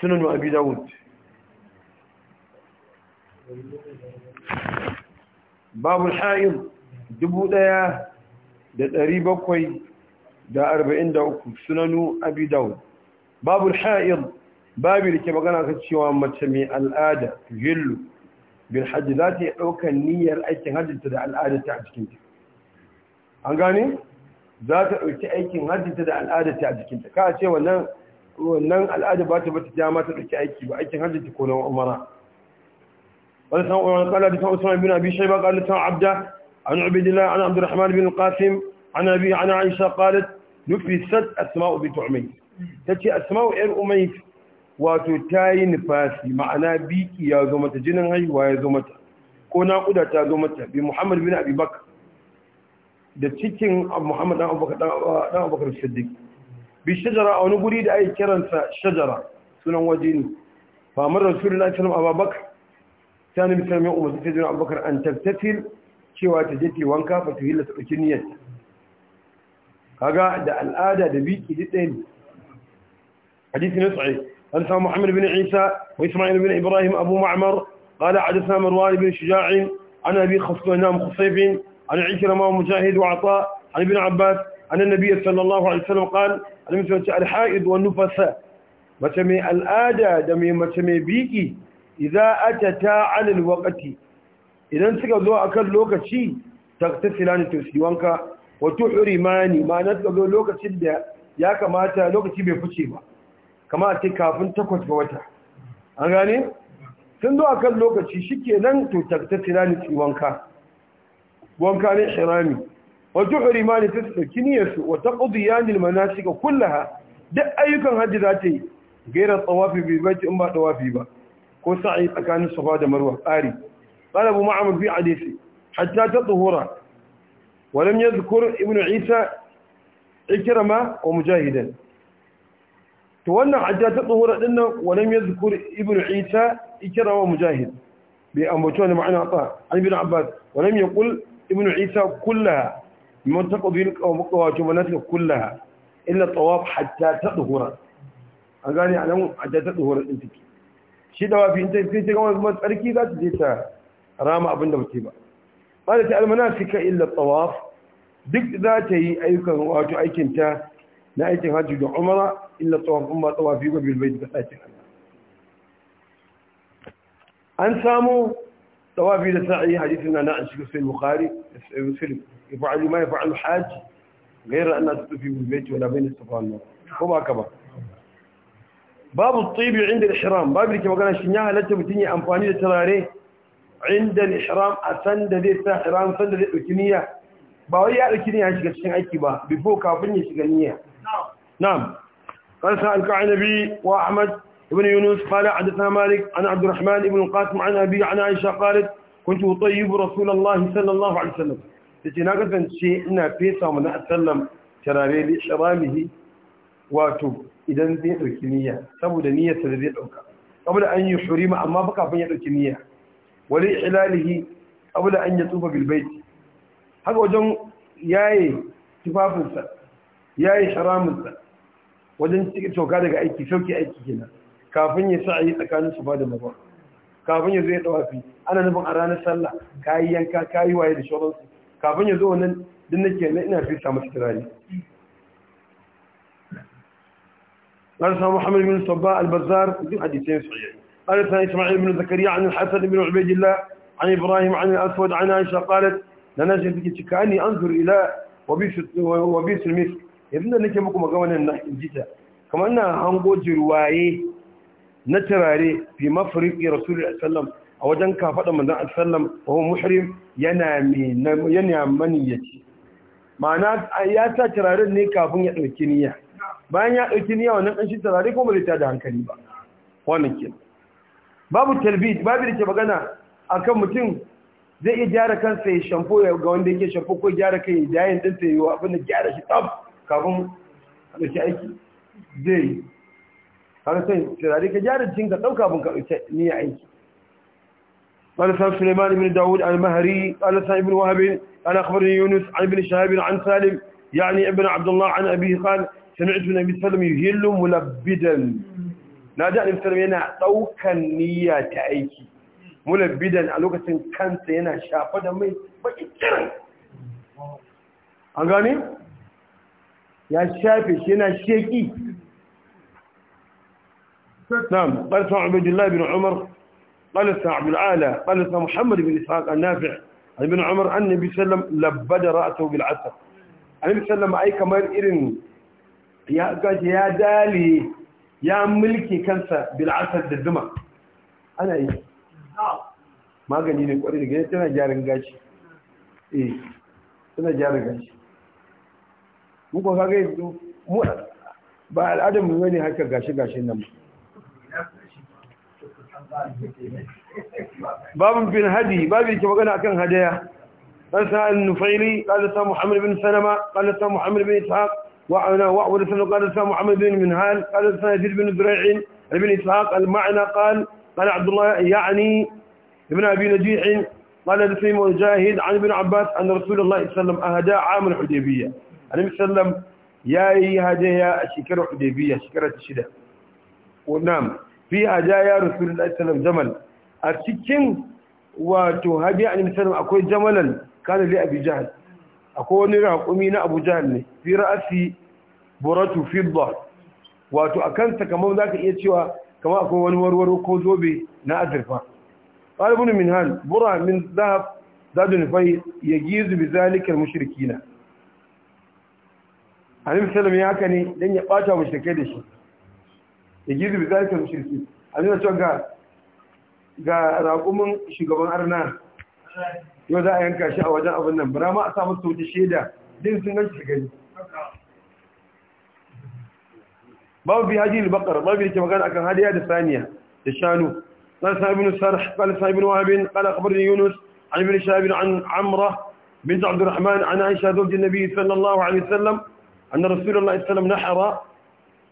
sunan abi dawud babu da uku, sunanu abi dawud babu ha'il babu da ke magana ka cewa mace mai al'ada gillu bin hajji za ta yi ɗaukar niyyar aikin hajjinta da al'adarta a jikinta an gane za ta ɗauki aikin hajjinta da al'adarta a jikinta ka ce wannan wannan al'ada ba ta bata dama ta dake aiki ba aikin hajji ta kona umara wani san umar kala da san usman bin abi shayba qala san abda an ubidillah an abdurrahman bin qasim an abi an aisha qalat nufisat asma'u bi tu'may tace asma'u ir umay wato tayi nifasi ma'ana biki ya zo mata jinin haihuwa ya zo mata ko naƙuda ta zo mata bi muhammad bin abi bakr da cikin muhammad dan abubakar dan abubakar siddiq bi shajara a wani guri da ake kiransa shajara sunan waje ne fa amar rasulullahi sallallahu alaihi wasallam ta nabi sallallahu alaihi wasallam ta jira abubakar an taftatil cewa ta je ta wanka fa ta hilla ta dauki niyyar kaga da al'ada da biki duk ɗaya ne hadisi ne sahih an sa muhammad bin isa wa isma'il bin ibrahim abu ma'mar قال حدثنا مروان بن شجاع عن أبي خصنام خصيف عن عكرمة ومجاهد وعطاء عن ابن عباس أن النبي صلى الله عليه وسلم قال almisalci alha'id wa nufasa mace mai al'ada da mai mace mai biki idza atata alal waqti idan suka zo akan lokaci taktasilani to su wanka wa ma na suka zo lokacin da ya kamata lokaci bai fice ba kama a ce kafin takwas ga wata an gane sun zo akan lokaci shikenan to taktasilani su wanka wanka ne shirami wa juhrima ne ta dauki niyyarsu wa taqdiyanil manasik kullaha da ayyukan hajji za ta yi gaira tsawafi bai bai in ba tsawafi ba ko sa'i tsakanin safa da marwa tsari qala abu ma'mar fi hadisi hatta ta tuhura wa lam yadhkur ibn isa ikrama wa mujahidan to wannan hatta ta tuhura dinnan wa lam yadhkur ibn isa ikrama wa mujahid bai ambaci wani ma'ana ta an bin abbas wa lam yaqul ibn isa kullaha من تقضي قومك وجملتك كلها إلا الطواف حتى تطهر أغاني على حتى تطهر أنت shi da wafi ta kai ta gama kuma tsarki za ta je ta rama abinda da mutu ba ba da ta almanasika illa tawaf duk za ta yi ayyukan wato aikin ta na aikin hajji da umara illa tawaf kuma tawafi ga bilbai an طوافي لسعي حديثنا نعش في البخاري مسلم يفعل ما يفعل الحاج غير أن تطفي بالبيت ولا بين الصفا والمروة كما كما باب الطيب عند الإحرام باب اللي كما قال الشنياء لا تبتني أنفاني لتراري عند الإحرام أسند ذي ساحرام سند ذي الأتنية باوي الأتنية هشك الشنع أكبا بفوق كافرني شغنية نعم. نعم قال سألك عن نبي وأحمد ابن يونس قال حدثنا مالك عن عبد الرحمن بن القاسم عن أبي عن عائشة قالت كنت أطيب رسول الله صلى الله عليه وسلم تجي ناقصا شيء إنا بيسا ومن أسلم ترابي لشرامه واتو إذن ذي الكنية سبو نية الذي الأوكا قبل أن يحرم أما بقى فين الكنية ولإحلاله قبل أن يطوف بالبيت هذا وجن ياي تفافنسا ياي شرام wajen cikin toka لك aiki sauki aiki kenan kafin ya sa yi tsakanin su ba da marwa kafin ya zo ya tawafi ana nufin a ranar sallah kayi yanka kayi waye da shoransu kafin ya zo wannan din nake na ina fi samu turare قال سيدنا محمد بن صباء البزار في حديثين صحيح قال سيدنا إسماعيل بن زكريا عن الحسن بن عبيد الله عن إبراهيم عن الأسود عن عائشة قالت لنجد جدك كأني أنظر إلى وبيس, وبيس المسك ابن لك مكما قوانا نحن جيتا كما أنها هنقو جروايه na turare fi mafriqi rasulullahi sallam a wajen kafaɗa manzon sallam wa huwa muhrim yana mai yana maniyaci ma'ana ya sa turaren ne kafin ya dauki niyya bayan ya dauki niyya wannan shi turare kuma bai da hankali ba wannan ke babu talbid babu da ke magana akan mutum zai iya gyara kansa ya shampo ga wanda yake shampo ko gyara kai ya dayin dinsa ya yi abin da gyara shi tsaf kafin a ɗauki aiki zai yi kaga sai turare ka gyara ka dauka bun ka ita ni aiki قال سلام سليمان بن داود المهري قال سعيد بن وهب قال أخبرني يونس عن ابن شهاب عن سالم يعني ابن عبد الله عن أبيه قال سمعت من أبي سلم يهل ملبدا نادى أبي سلم ينا طوكا نيا تأيكي ملبدا على لغه كانت ينا شافة دمي بإجرا أغاني يا شافي ينا شيكي نعم قال اسمع عبد الله بن عمر قال اسمع عبد العالى قال اسمع محمد بن إسحاق النافع عن ابن عمر أن النبي صلى الله عليه وسلم لبد رأسه بالعسل النبي صلى الله عليه وسلم أي كمان إرن يا يا دالي يا ملكي كنسى بالعسل بالدمى أنا إيه ما قال kwarai daga tana انا gashi eh إيه jarin gashi mu ko kaga yanzu mu ba al'adar mu ne haka gashi gashin babin bin hadi babin ke magana akan قال سأل النفيلي قال سأل محمد بن سلمة قال سأل محمد بن إسحاق وعنا وعبد سنة قال سأل محمد بن منهال قال سأل يزيد بن زريع بن إسحاق المعنى قال قال عبد الله يعني ابن أبي نجيح قال لسيم مجاهد عن ابن عباس أن رسول الله صلى الله عليه وسلم أهدى عام الحديبية عليه الصلاه والسلام يا هدايا شكر الحديبية شكرة الشدة ونعم fi hajjaya rufin ɗansanar jamal a cikin wato hajji a nisanar akwai jamalan kanin da abu jihar akwai wani raƙumi na abu jihar ne fi ra'asi buratu fi wato a kansa kamar za ka iya cewa kama akwai wani warwaro ko zobe na azurfa ƙalibin min han bura min zahab za da ya gizu bi zalikar a ya haka ne ya ɓata mashirkai da shi ya gizu bi zai kan shirki a nuna cewa ga ga raƙumin shugaban arna yau za a yanka shi a wajen abin nan bara ma a samu sauti shaida din sun ganci su gani babu bi hajji bakar baqar babu yake magana akan hadiya da saniya da shanu قال سعيد بن سرح قال سعيد بن وهب قال أخبرني يونس عن ابن شهاب عن عمرة بنت عبد الرحمن عن عائشة زوج النبي صلى الله عليه وسلم أن رسول الله صلى الله عليه وسلم نحر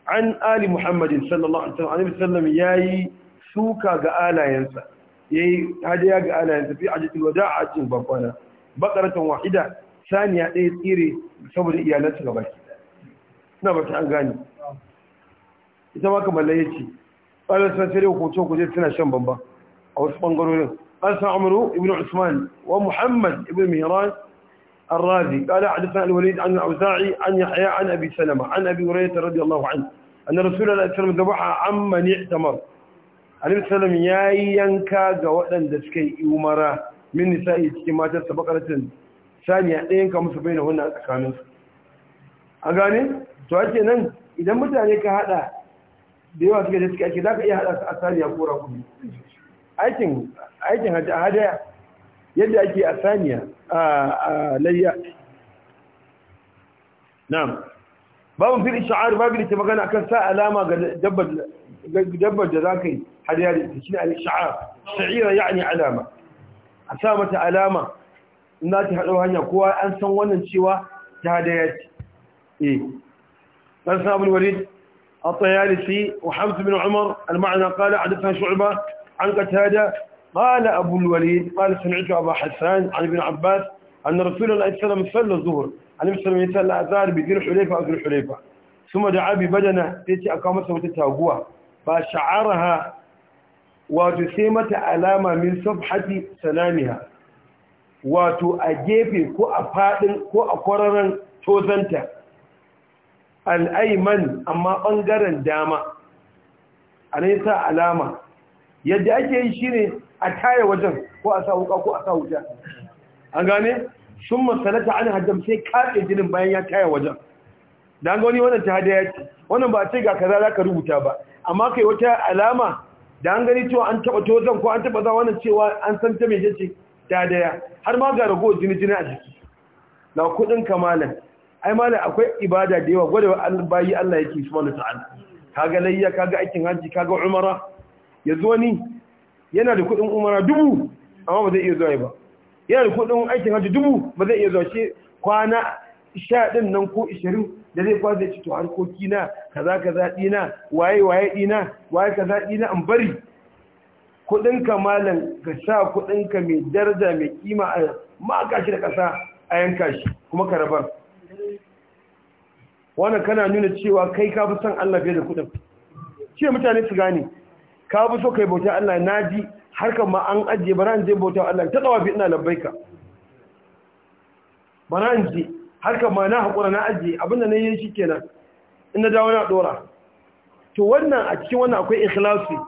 عن آل محمد صلى الله عليه وسلم ياي سوكا قالا ينسى ياي هديا قالا ينسى في عجة الوداع عجة بقرة بقرة واحدة ثانية ايه تيري بسبب الإيالات لغاية نعم عن غاني إذا ما كما لا يجي قال أسفل سريع وكوتو كجير سنة شمبان با أو أسفل قرر قال أسفل عمرو ابن عثمان ومحمد ابن مهران الرازي قال حدثنا الوليد عن الأوزاعي عن يحيى عن أبي سلمة عن أبي هريرة رضي الله عنه annar rasulullah sallallahu alaihi wasallam amma ni tamar annabi ya yi yanka ga waɗanda suka yi umara min nisa'i cikin matar sabaqaratin saniya ɗayan ka musu bayyana wannan tsakanin su a gane to ake nan idan mutane ka haɗa da yawa suka je suka ake ka iya haɗa su a saniya ko rakumi aikin hajji a hadaya yadda ake a saniya a layya na'am babin fil isha'ar babin da ke magana akan sa alama ga dabbar da za ka yi hadaya da ita shi ne al-isha'ar sha'ira ya ne alama a sa mata alama in za ta haɗo hanya kowa an san wannan cewa ta hadaya ce eh ɗan sabon walid الطيالسي وحمد بن عمر المعنى قال حدثنا شعبة عن قتادة قال أبو الوليد قال سمعت أبا حسان عن ابن عباس أن رسول الله صلى الله عليه وسلم صلى الظهر annabi sallallahu alaihi wasallam ya bi dir hulaifa a dir hulaifa kuma da abi badana sai aka masa wata taguwa ba sha'araha wato sai mata alama min safhati Wa wato a gefe ko a fadin ko a kwararan tozanta al'aiman amma bangaren dama a sa alama yadda ake yi shine a taya wajen ko a sa wuka ko a sa wuta an gane sun masalata an haddam sai kaɗe jinin bayan ya taya wajen da an gani wannan ta hadaya ce wannan ba ce ga kaza za ka rubuta ba amma kai wata alama da an gani cewa an taɓa tozon ko an taɓa za wannan cewa an san ta mai jace ta daya. har ma ga rago jini jini a jiki na kuɗin kamalan ai malam akwai ibada da yawa gwada bayi Allah yake subhanahu ta'ala kaga layya kaga aikin haji kaga umara yanzu wani yana da kuɗin umara dubu amma ba zai iya zuwa ba yana da kudin aikin hajji dubu ba zai iya zaushe kwana sha ɗin nan ko ishirin da zai kwa zai harkoki na kaza kaza na waye waye ɗina waye kaza na an bari kudinka malam ka sa ka mai daraja mai kima a maka da ƙasa a yanka shi kuma ka rabar wannan kana nuna cewa kai ka fi son Allah fiye da kudin mutane su gane ka fi so kai bauta Allah na ji har kan ma an ajiye bara in je bauta Allah ta fi ina labbaika ba in je har kan ma na haƙura na ajiye abinda na yi shi kenan in na dawo na ɗora to wannan a cikin wannan akwai ikhlasi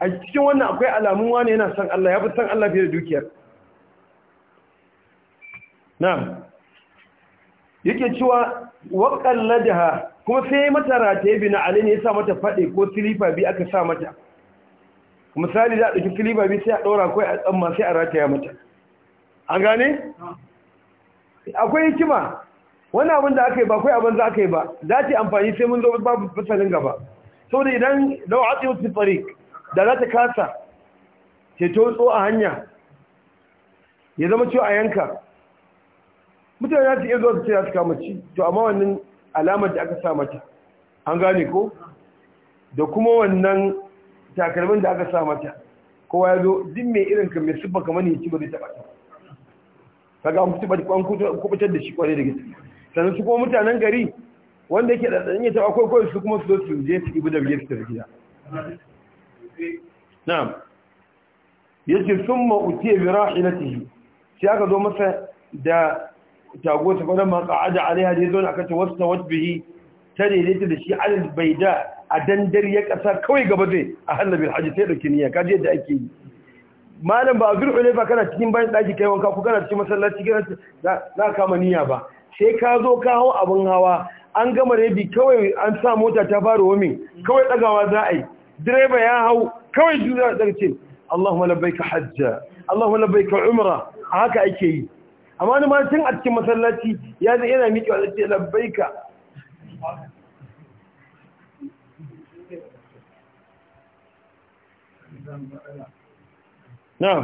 a cikin wannan akwai alamun wani yana san Allah ya fi san Allah fiye da dukiyar na'am yake cewa waƙalla kuma sai mata rataye bi na alini ya sa mata fade ko silifa bi aka sa mata misali za a ɗauki kiliba bi sai a ɗora kai a tsamma sai a rataya mata an gane? akwai hikima wani abin da aka yi ba kai abin za aka yi ba za ta yi amfani sai mun zo babu fasalin gaba Saboda da idan lau a tsaye wasu tsari da za ta kasa ceto tso a hanya ya zama ciwo a yanka mutane za su iya zuwa su ce za su kama ci to amma wannan alamar da aka sa mata an gane ko da kuma wannan takalmin da aka sa mata kowa ya zo din mai irin ka mai siffa kamar ne ci ba zai taɓa ta kaga an ba an kubutar da shi kwarai da gaske sannan su kuma mutanen gari wanda yake da tsanin ya taɓa akwai kawai su kuma su zo su je su ibi da biyar su tafi gida na'am yace summa ina bi rahilatihi sai aka zo masa da tagota ta fara ma qa'ada alaiha da yazo aka ta wasta wajbihi ta daidaita da shi al da. a dandar ya ƙasa kawai gaba zai a hannabin hajji sai ɗauki niyya kaji yadda ake yi malam ba a zuru kana cikin bayan ɗaki kai wanka ko kana cikin masallaci kana na kama niyya ba sai ka zo ka hau abin hawa an gama rabi kawai an sa mota ta fara wamin kawai ɗagawa za a yi direba ya hau kawai juna daga ce Allahumma labbaika hajja Allahumma labbaika umra haka ake yi amma ni ma tun a cikin masallaci ya zai yana miƙewa zai ce labbaika نعم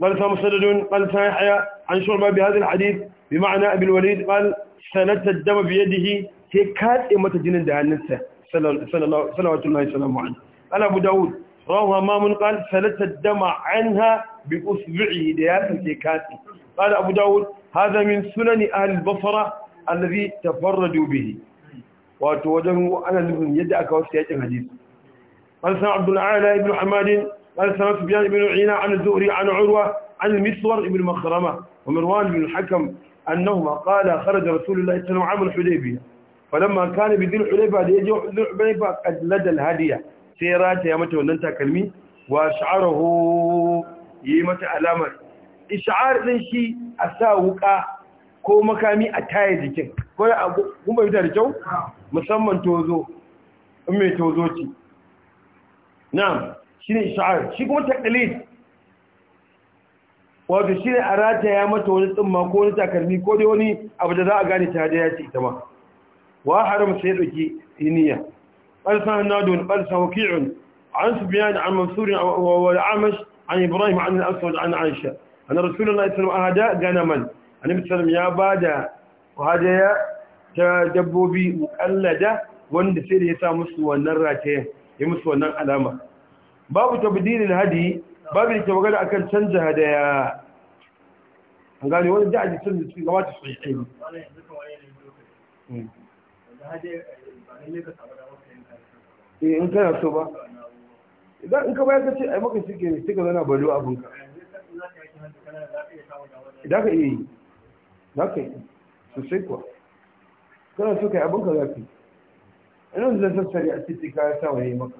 قال مسدد قال يحيى عن شعبة بهذا الحديث بمعنى أبي الوليد قال سنت الدم بيده تكاد إمة جنين دهانته صلوات الله وسلامه عليه قال أبو داود رواه من قال سنت الدم عنها بأصبعه في تكاد قال أبو داود هذا من سنن أهل البصرة الذي تفردوا به وتوجهوا أنا لهم يدعك وسيأتي الحديث قال سمع عبد الأعلى بن حماد قال سمع سفيان بن عيينة عن الزهري عن عروة عن المسور بن مخرمة ومروان بن الحكم أنهما قال خرج رسول الله صلى الله عليه وسلم عام الحديبية فلما كان بذي الحليفة ليجي ذي الحليفة قد لدى الهدية سيرات يا متى وننتا كلمي وأشعره يمتى علامة إشعار ذي شيء أساوك ko makami a taya jikin kuma bai da kyau musamman tozo in mai tozo ce na'am shine isha'ar shi kuma taqlid wato ne a rataya mata wani tsumma ko wani takarmi ko dai wani abu da za a gane ta da ya ce ita ma wa haram sai dauki niyya قال نادون قال وكيع عن سبيان عن منصور an عن an عن الأسود عن عائشة أن رسول الله صلى الله عليه وسلم أهدى غنما أن يسلم يا بادا وهذا يا تدبوبي مقلدة wanda sai da ya sa musu wannan ratayen. ya musu wannan alama babu tabdilil hadi babu da ke magana akan canja hadaya an gani wani da aji canza cikin gabata su yi aini in kana so ba idan in ka bayan ka ce ai maka suke ne suka zana balo abinka idan ka iya yi za ka yi sosai kuwa kana so ka yi abinka za ka yi irin da sassare a titi ka sa wani maka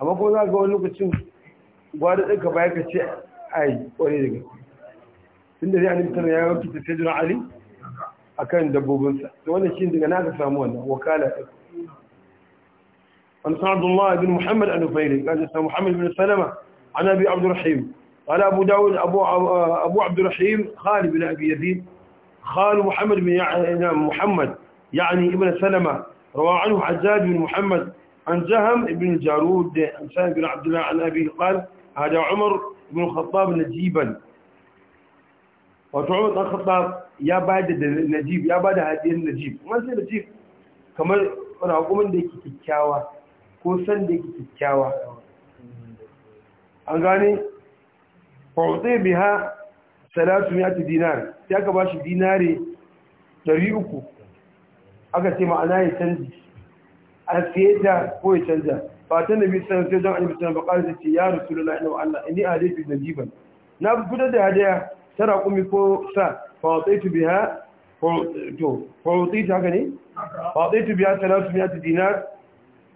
amma ko za ga wani lokacin gwada ɗin ka baya ka ce a yi ƙwarai da gaske tun da zai an yi ya yi wakil sai juna ali a kan dabbobinsa da wannan shi daga na ka samu wannan wakala ɗin عن سعد الله بن محمد النفيلي قال اسمه محمد بن سلمة عن أبي عبد الرحيم قال أبو داود أبو, أبو عبد الرحيم خالد بن أبي يزيد خال محمد بن يعني محمد يعني ابن سلمة روى عنه حجاج بن محمد عن جهم بن الجارود عن سالم بن عبد الله عن أبيه قال هذا عمر بن الخطاب نجيبا وعمر بن الخطاب يا بعد نجيب يا بعد هذه النجيب ما زي نجيب كما أنا أقول من ديك ko كوسن ديك yake kyakkyawa an بها fa'utai دينار salatu ya ديناري ya 300 aka ce ma'ana ya canji a fiye ta ko ya canja ba ta nabi sallallahu sai don annabi sallallahu alaihi da ce ya rasulullahi inna Allah inni alifi najiban na fitar da hadaya ta raƙumi ko sa fa wataitu biha to fa wataitu haka ne fa wataitu biha 300 dinar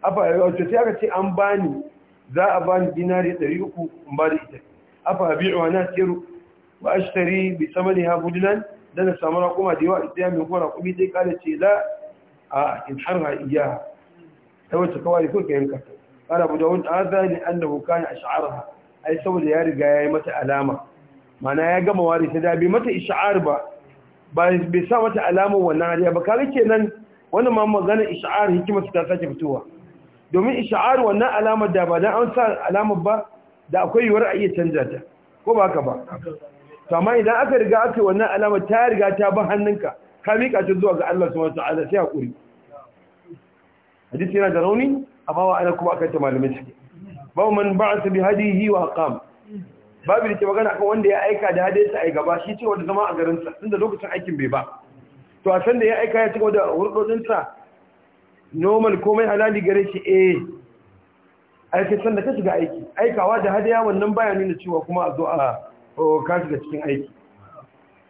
afa wato sai aka ce an bani za a bani dinari 300 in ba da ita afa bi'u ana tiru wa ashtari bi samaniha budilan dana samu raƙuma da yawa idan mai kuma raƙumi sai kare ce la a in harha iyaha ta wacce kawai ko ai yanka قال أبو داود mata alama. Mana ya gama سوى دياري قاية متى ألامة معنى يقام ba. Bai sa mata wannan ba. hikima fitowa. domin isha'ar wannan alamar da ba dan an sa alamar ba da akwai yuwar a iya canza ta ko ba ka ba amma idan aka riga aka wannan alamar ta riga ta ba hannunka ka miƙa ta zuwa ga Allah wata ala sai haƙuri. hadisi yana da rauni amma bawa ana kuma akan ta malamai ciki babu man su bi yi wa haƙam babu da ke magana akan wanda ya aika da hadisa ai gaba shi ce wanda zama a garin inda lokacin aikin bai ba to a san da ya aika ya ci wanda hurdodin sa normal komai halali gare shi eh aiki san da ka shiga aiki aikawa da hadaya wannan baya nuna cewa kuma a zo a oh, ka shiga cikin aiki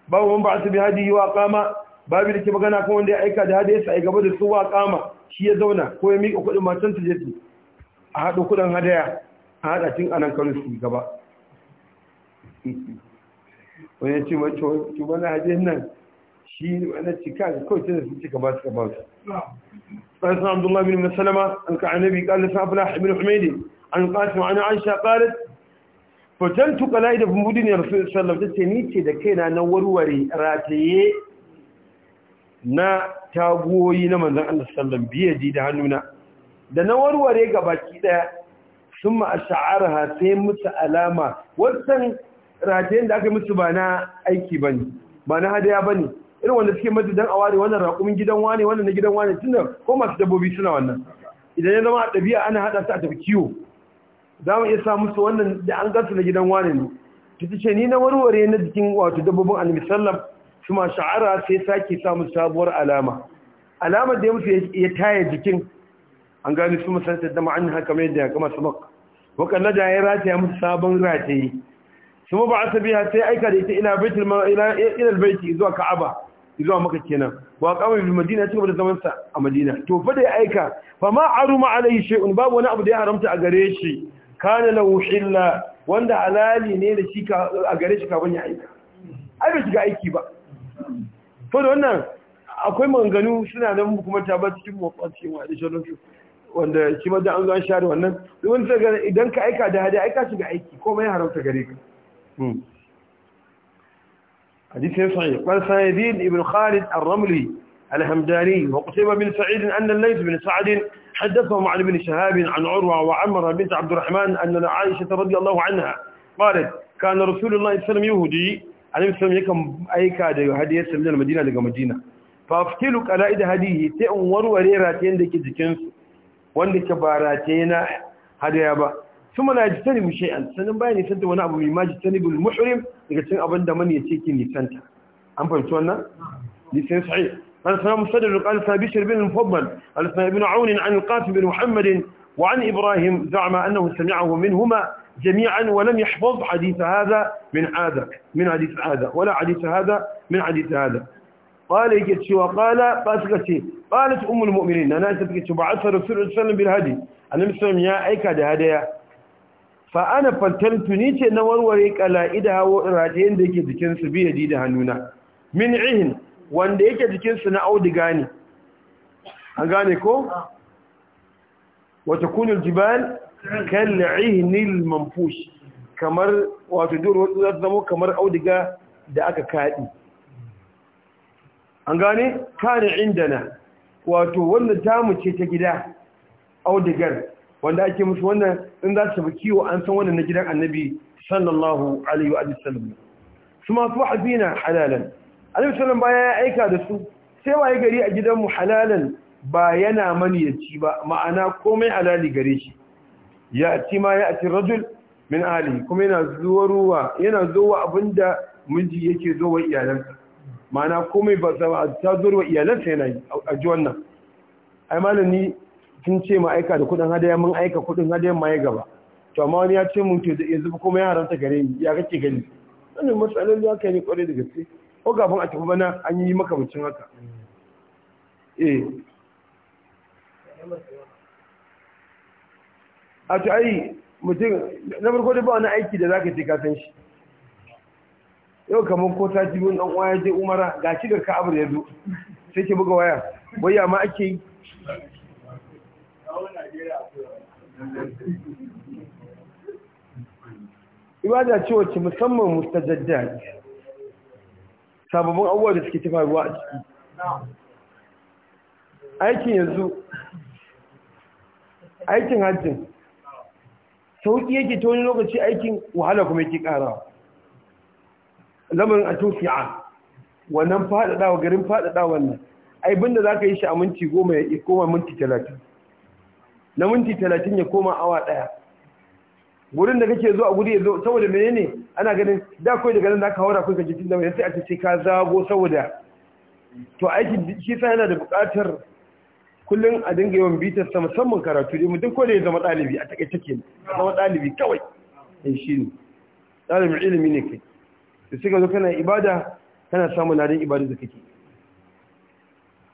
babu man su bi yi wa aqama babu da ke magana kan wanda ya aika da hadayarsa a gaba da suwa kama shi ya zauna ko ya miƙa kuɗin matan ta jefi a haɗo kuɗin hadaya a haɗa cin anan kano su gaba wani ya ce mace wani haɗe nan shi wani cika da kawai tana su cika ba su ka ba su قال سنة عبد الله بن مسلمة عن النبي قال an فلاح بن حميدي عن قاسم عن عائشة قالت fatantu kalaida bumbudin ya rasu sallam ta ce ni ce da kaina na warware rataye na tagoyi na manzan Allah sallam biya ji da hannuna da na warware ga baki daya sun ma'asha'arha sai musu alama wasan ratayen da aka musu ba na aiki ba ne ba na hadaya ba ne irin wanda suke mata don aware wannan raƙumin gidan wane wannan na gidan wane tun da ko masu dabbobi suna wannan idan ya zama a ɗabi'a ana haɗa su a tafi kiwo za mu iya sa musu wannan da an gasu na gidan wane ne ta ce ni na warware na jikin wato dabbobin annabi sallam suma sha'ara sai sake samun sabuwar alama alama da ya musu ya taya jikin an gani su musantar da ma'an haka mai da ya kama su maka wakanna da ya rataya musu sabon rataye su ba a sabiya sai aika da ita ina baitul ila baiti zuwa ka'aba zuwa maka kenan ba kama bil madina cigaba da zaman sa a madina to fa da ya aika fa ma aruma alaihi shay'un babu wani abu da ya haramta a gare shi kana lahu hilla wanda halali ne da shi a gare shi kafin ya aika ai bai shiga aiki ba fa wannan akwai manganu suna nan kuma ta cikin mafa wa additional su wanda shi ma an zo share wannan wani daga idan ka aika da hada aika shiga aiki komai haramta gare ka حديث صحيح قال سيدين ابن خالد الرملي الهمداني وقتيبة بن سعيد أن الليث بن سعد حدثهم عن ابن شهاب عن عروة وعمر بنت عبد الرحمن أن عائشة رضي الله عنها قالت كان رسول الله صلى الله عليه وسلم يهودي annabi sallallahu yakan aika da hadiyar sallallahu madina daga madina fa fatilu qala'id hadihi sai in warware ratayen da ke jikin su wanda ke ba rataye na hadaya ba kuma la jitani mu an. sanin bayani sanda wani abu mai maji tanibul muhrim daga cikin abin da man yace ki nisanta an fahimci wannan ni sai sahih قال سلام مستدر قال سابشر بن المفضل قال ابن عون bin القاسم بن محمد وعن إبراهيم زعم أنه سمعه Huma. جميعا ولم يحفظ حديث هذا من هذا من حديث هذا ولا حديث هذا من حديث هذا قال يكتشي وقال قاسكتي قالت أم المؤمنين أنا أتبكتش بعث رسول الله سلم بالهدي أنا مسلم يا أيك هذا هدايا فأنا فلتلت نيتي نور وريك على هو وراتين ديك دكين سبيه دي ده هنونا من عهن وان ديك دكين سنة أو دقاني أغانيكو آه. وتكون الجبال kal'ihnil manfush kamar wato durwar za zama kamar audiga da aka kaɗi an gane kare indana wato wanda ta ce ta gida audigar wanda ake musu wannan in za su kiwo an san wannan na gidan annabi sallallahu alaihi wa sallam su masu hazina halalan alaihi sallam baya ya aika da su sai waye gari a gidanmu halalan ba yana mani ya ci ba ma'ana komai halali gare shi ya ci ma ya ci rajul min Ali kuma yana zuwa ruwa yana zuwa abinda miji yake zuwa iyalansa mana komai ba ta zuwa iyalansa yana yi a ji wannan ai malami sun ce ma aika da kudin hadaya mun aika kudin hadaya ma ya gaba to amma wani ya ce mun to yanzu kuma ya ta gare ni ya kake gani wannan matsalolin ya kai ne kwarai da gaske ko gafin a tafi bana an yi maka mutum haka eh a ta ai mutum na farko da ba wani aiki da zaka ce ka san shi yau kamar ko ta ji wani uwa ya je umara ga shi da abu da yazo sai ke buga waya waya ma ake yi ibada ce wacce musamman mustajadda sababbin abubuwa da suke tafa ruwa a ciki aikin yanzu aikin hajjin sauƙi yake ta wani lokaci aikin wahala kuma yake ƙara lamarin a tofi'a wannan faɗaɗawa garin faɗaɗa wannan ai binda za ka yi shi a minti goma ya koma minti talatin na minti talatin ya koma awa ɗaya Wurin da kake zo a guri ya zo saboda mene ne ana ganin da kawai daga nan za ka haura kuka jikin da mai sai a ce ka zago saboda to aikin shi sa yana da buƙatar kullum a dinga yawan bitar sa musamman karatu dai mutum ko da ya zama ɗalibi a take take zama ɗalibi kawai in shi ne ɗalibin ilimi ne kai da suka zo kana ibada kana samun ladan ibada da kake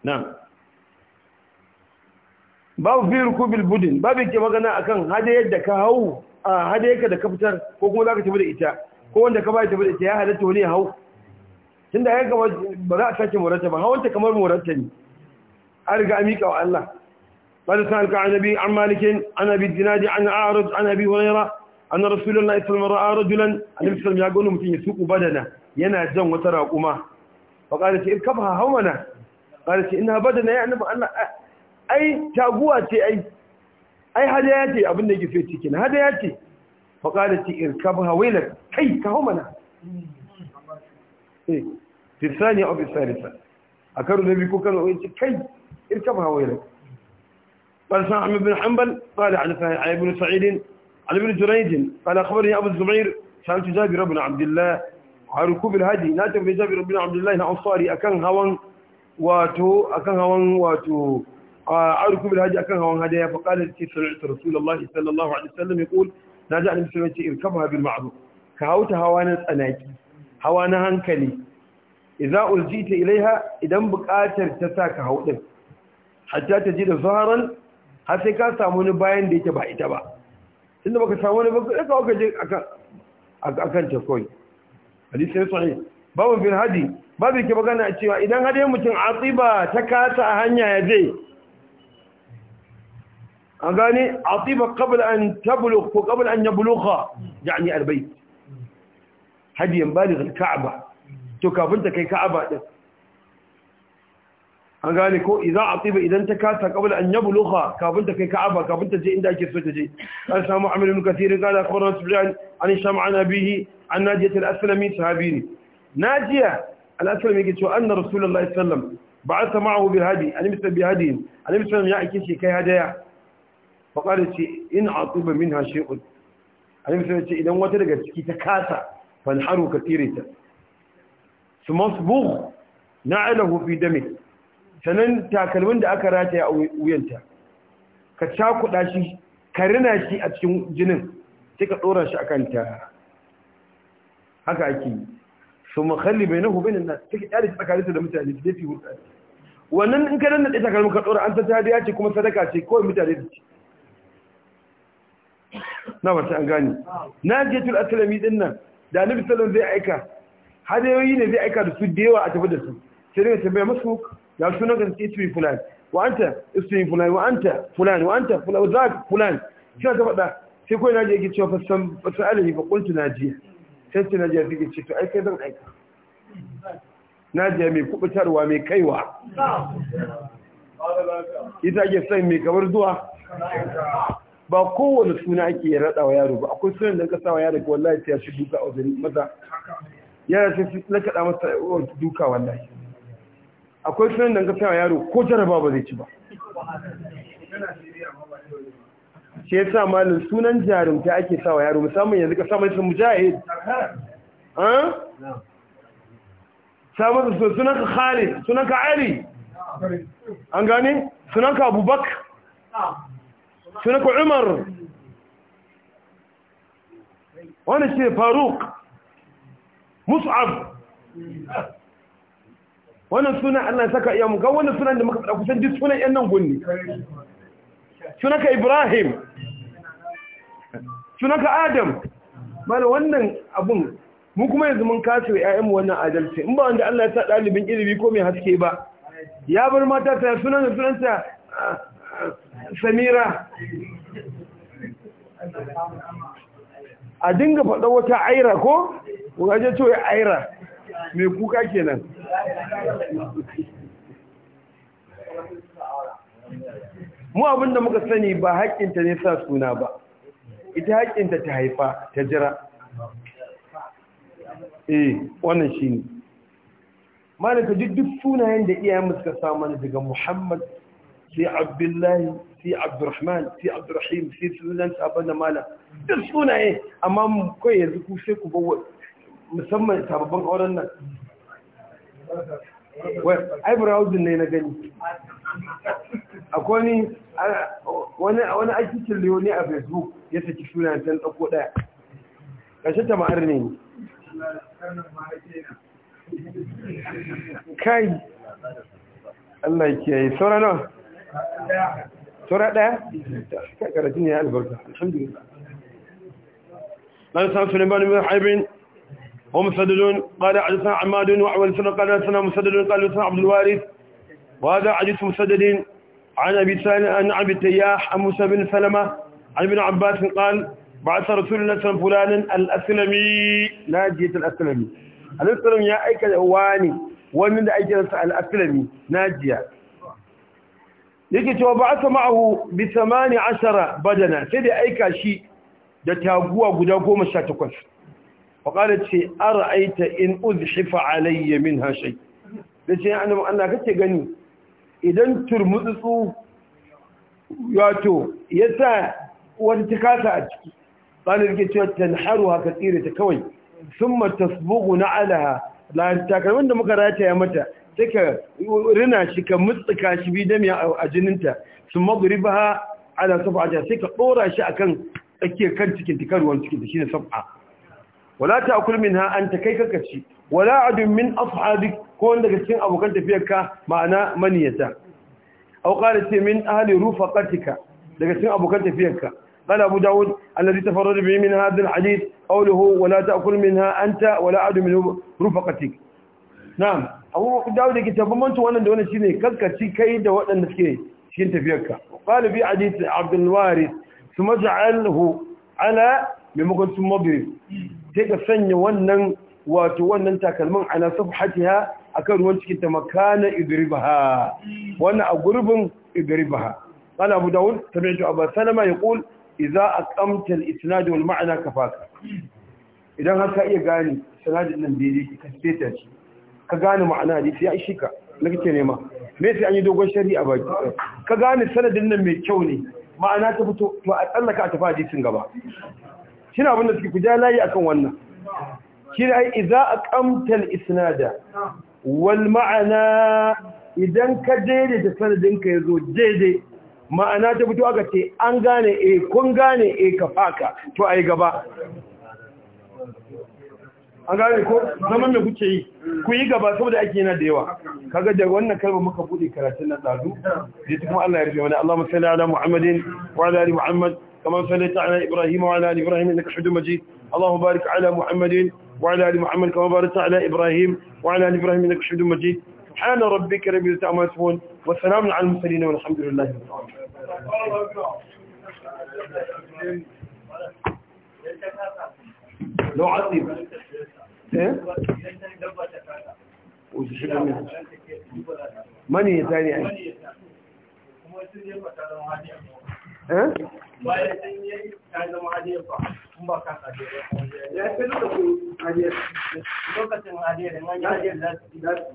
na'am babu fi rukubil budin babu ke magana akan hadayar yadda ka hau a hadayar ka da ka fitar ko kuma zaka tafi da ita ko wanda ka bai tafi da ita ya halatta wani ya hau tunda ya kamar ba za a sake murata ba hawanta kamar murata ne ارغاميكو الله قد سالك النبي عن مالك عن ابي الدناد عن اعرض عن ابي هريره ان رسول الله صلى الله عليه وسلم راى رجلا النبي صلى الله عليه وسلم يقول متي سوق بدنا yana jan wata raquma faqala ki kafa hawana qala ki inna badana yani Allah ai taguwa ce ai ai hadaya ce abin da yake ciki na hadaya ce faqala ki irkab hawila kai ka hawana eh tisani abi salisa akaru nabi ko kan wai kai اركبها ويلك قال سمع بن حنبل قال عن ابن سعيد عن ابن جريج قال أخبرني أبو الزبير سألت جابر بن عبد الله عن ركوب الهدي ناتم جابر بن عبد الله الأنصاري أكن هوان واتو أكن هوان واتو عن ركوب الهدي أكن هوان هدايا فقال سمعت رسول الله صلى الله عليه وسلم يقول ناجعني المسلمين اركبها بالمعروف كهوت هوانا اناجي هوانا هنكلي إذا ألجيت إليها إذا بقاتر تساك هوتك hatta ta ji da zaran har sai ka samu wani bayan da yake ba ita ba tunda baka samu wani baka ka waka je akan ta kawai hadisi ya sahi babu bin hadi babu yake magana cewa idan har yi mutum atiba ta kasa a hanya ya zai an gani atiba qabl an tablugh ko qabl an yablugha yani albayt hadiyan baligh alka'ba to kafin ta kai ka'aba din an gane ko a atiba idan ta kasa qabla an yablugha kafin ta kai ka'aba kafin ta je inda ake so ta je an samu amr ibn kathir qala qara sufyan an sham an abihi an najiyat al-aslami sahabini najiya al-aslami yake cewa anna rasulullahi sallallahu alaihi a ba'atha ma'ahu bil hadi an misal bi hadi an misal ya ake shi kai hadaya fa qala shi in atiba minha shay'un an misal ce idan wata daga ciki ta kasa fanharu kathirita su masbugh na'alahu fi damihi sannan takalmin da aka rataya a wuyanta ka cakuɗa shi ka rina shi a cikin jinin sai ka ɗora shi a kanta haka ake su makalli mai na bai nan sai ka ƙyari shi tsakaninsu da mutane su dafi hulɗa wannan in ka danna ɗaya takalmin ka ɗora an ta tariya ce kuma sadaka ce kawai mutane da ce na wata an gane na je tul asalami din nan da annabi sallallahu zai aika hadayoyi ne zai aika da su da yawa a tafi da su sai ne tambaye masu ga sunan ka ismi fulan wa anta ismi fulani, wa ta fulani wa ta fulani wa ka fulani shi ta faɗa sai kawai naji yake cewa fasan fasalihi fa na najiya sai ce najiya take cewa, to ai zan aika najiya mai kubutarwa mai kaiwa ita ake son mai kamar zuwa ba kowane suna ake raɗa wa yaro ba akwai sunan da kasa wa yaro wallahi ta ya shi duka a wajen maza yana sai na kaɗa masa duka wallahi akwai tunan da a yaro ko jaraba ba zai ci ba shi ya sa malin sunan jarumta ake sawa yaro musamman yanzu ka samun sun mujahid samun su sunan ka khalid sunan ka ali an gane sunan ka abubak sunan ka umar wani ce faruk mus'ab wannan sunan Allah saka iya mu ga wannan sunan da muka faɗa kusan duk sunan yan nan gunni Sunaka Ibrahim sunaka Adam mana wannan abun mu kuma yanzu mun kace wa ƴaƴanmu wannan adalci in ba wanda Allah ya sa dalibin ilimi ko mai haske ba ya bar mata ta sunan sunanta ah, Samira a dinga faɗa wata aira ko wajen cewa aira mai kuka kenan mu abinda muka sani ba haƙƙinta ne sa suna ba ita haƙƙinta ta haifa ta jira eh wannan shi shine malaka duk duk sunayen da iyayen suka samu daga Muhammad sai Abdullahi sai Abdurrahman sai Abdurrahim sai sunan sabon da malam duk sunaye amma kawai yanzu ku sai ku bawa musamman sababbin auren nan ai browsing ne na gani akwai wani wani akikin leoni a facebook ya saki suna can ɗauko ɗaya ƙashe tamar ne ne kai Allah ya yi saura nawa saura ɗaya ta karatun ya albarka alhamdulillah na san suleiman mai haibin ومسدد قال حدثنا عماد وعول سنة قال حدثنا مسدد قال حدثنا عبد الوارث وهذا حديث مسدد عن أبي سالم عن أبي التياح عن موسى بن سلمة عن ابن عباس قال بعث رسول الله صلى فلانا الأسلمي ناجية الأسلمي الأسلم يا أيك الأواني ومن أجل الأسلمي ناجية yake وبعث معه بثماني ma'ahu بدنا سيدي badana شيء da aika مشاتكوا faƙarar ce an ra'aita in uzhifa alayya min hashai da ce yana Allah kake gani idan turmutsutsu yato ya sa wata ta kasa a ciki tsanin ke cewa ta haru haka tsire ta kawai sun matasbugu na alaha takarwar da muka rataya mata ka rina shi ka mutsuka shi dami a jininta sun magriba ba ala safa sai ka ɗora shi kan tsakiyar kan cikin tikaruwan cikin da shi ne safa wala ta'kul minha anta kai ka kaci wala adun min ashabik ko wanda daga cikin abokan tafiyarka ma'ana maniyata aw qala sai min ahli rufaqatika daga cikin abokan tafiyarka qala abu daud alladhi tafarrada bi min hadha alhadith qawluhu wala ta'kul minha anta wala adun min rufaqatik na'am abu daud yake tabbamanta wannan da wannan shine kankaci kai da waɗanda suke cikin tafiyarka qala bi hadith abdul waris ثم جعله daga ka sanya wannan wato wannan takalmin ana safhatiha akan ruwan cikin ta makana idribaha wannan a gurbin idribaha qala abu daud sami'tu abu salama yaqul idza aqamta al-isnad wal ma'na kafaka idan haka iya gane sanadin nan da yake ka seta shi ka gane ma'ana da ya shi ka nake nema me sai an yi dogon shari'a baki ka gane sanadin nan mai kyau ne ma'ana ta fito to a tsallaka a tafi hadisin gaba shine abin da suke ku ja layi akan wannan shine ai idza aqamta al-isnada wal ma'ana idan ka daidaita sanadin ka yazo daidai ma'ana ta fito aka ce an gane eh kun gane eh ka faka to ai gaba an gane ko zaman da kuke yi ku yi gaba saboda ake yana da yawa kaga da wannan kalma muka bude karatun na tsadu da kuma Allah ya rufe mana Allahumma salli ala Muhammadin wa ala ali Muhammad كما صليت على إبراهيم وعلى آل إبراهيم إنك حميد مجيد اللهم بارك على محمد وعلى آل محمد كما باركت على إبراهيم وعلى آل إبراهيم إنك حميد مجيد سبحان ربك رب العزة عما يصفون وسلام على المرسلين والحمد لله رب العالمين لو عظيم ايه من يعني. ثاني ايه bayan sun yi ka zama hadiyar fa in ba ka sadiyar ya fi lokacin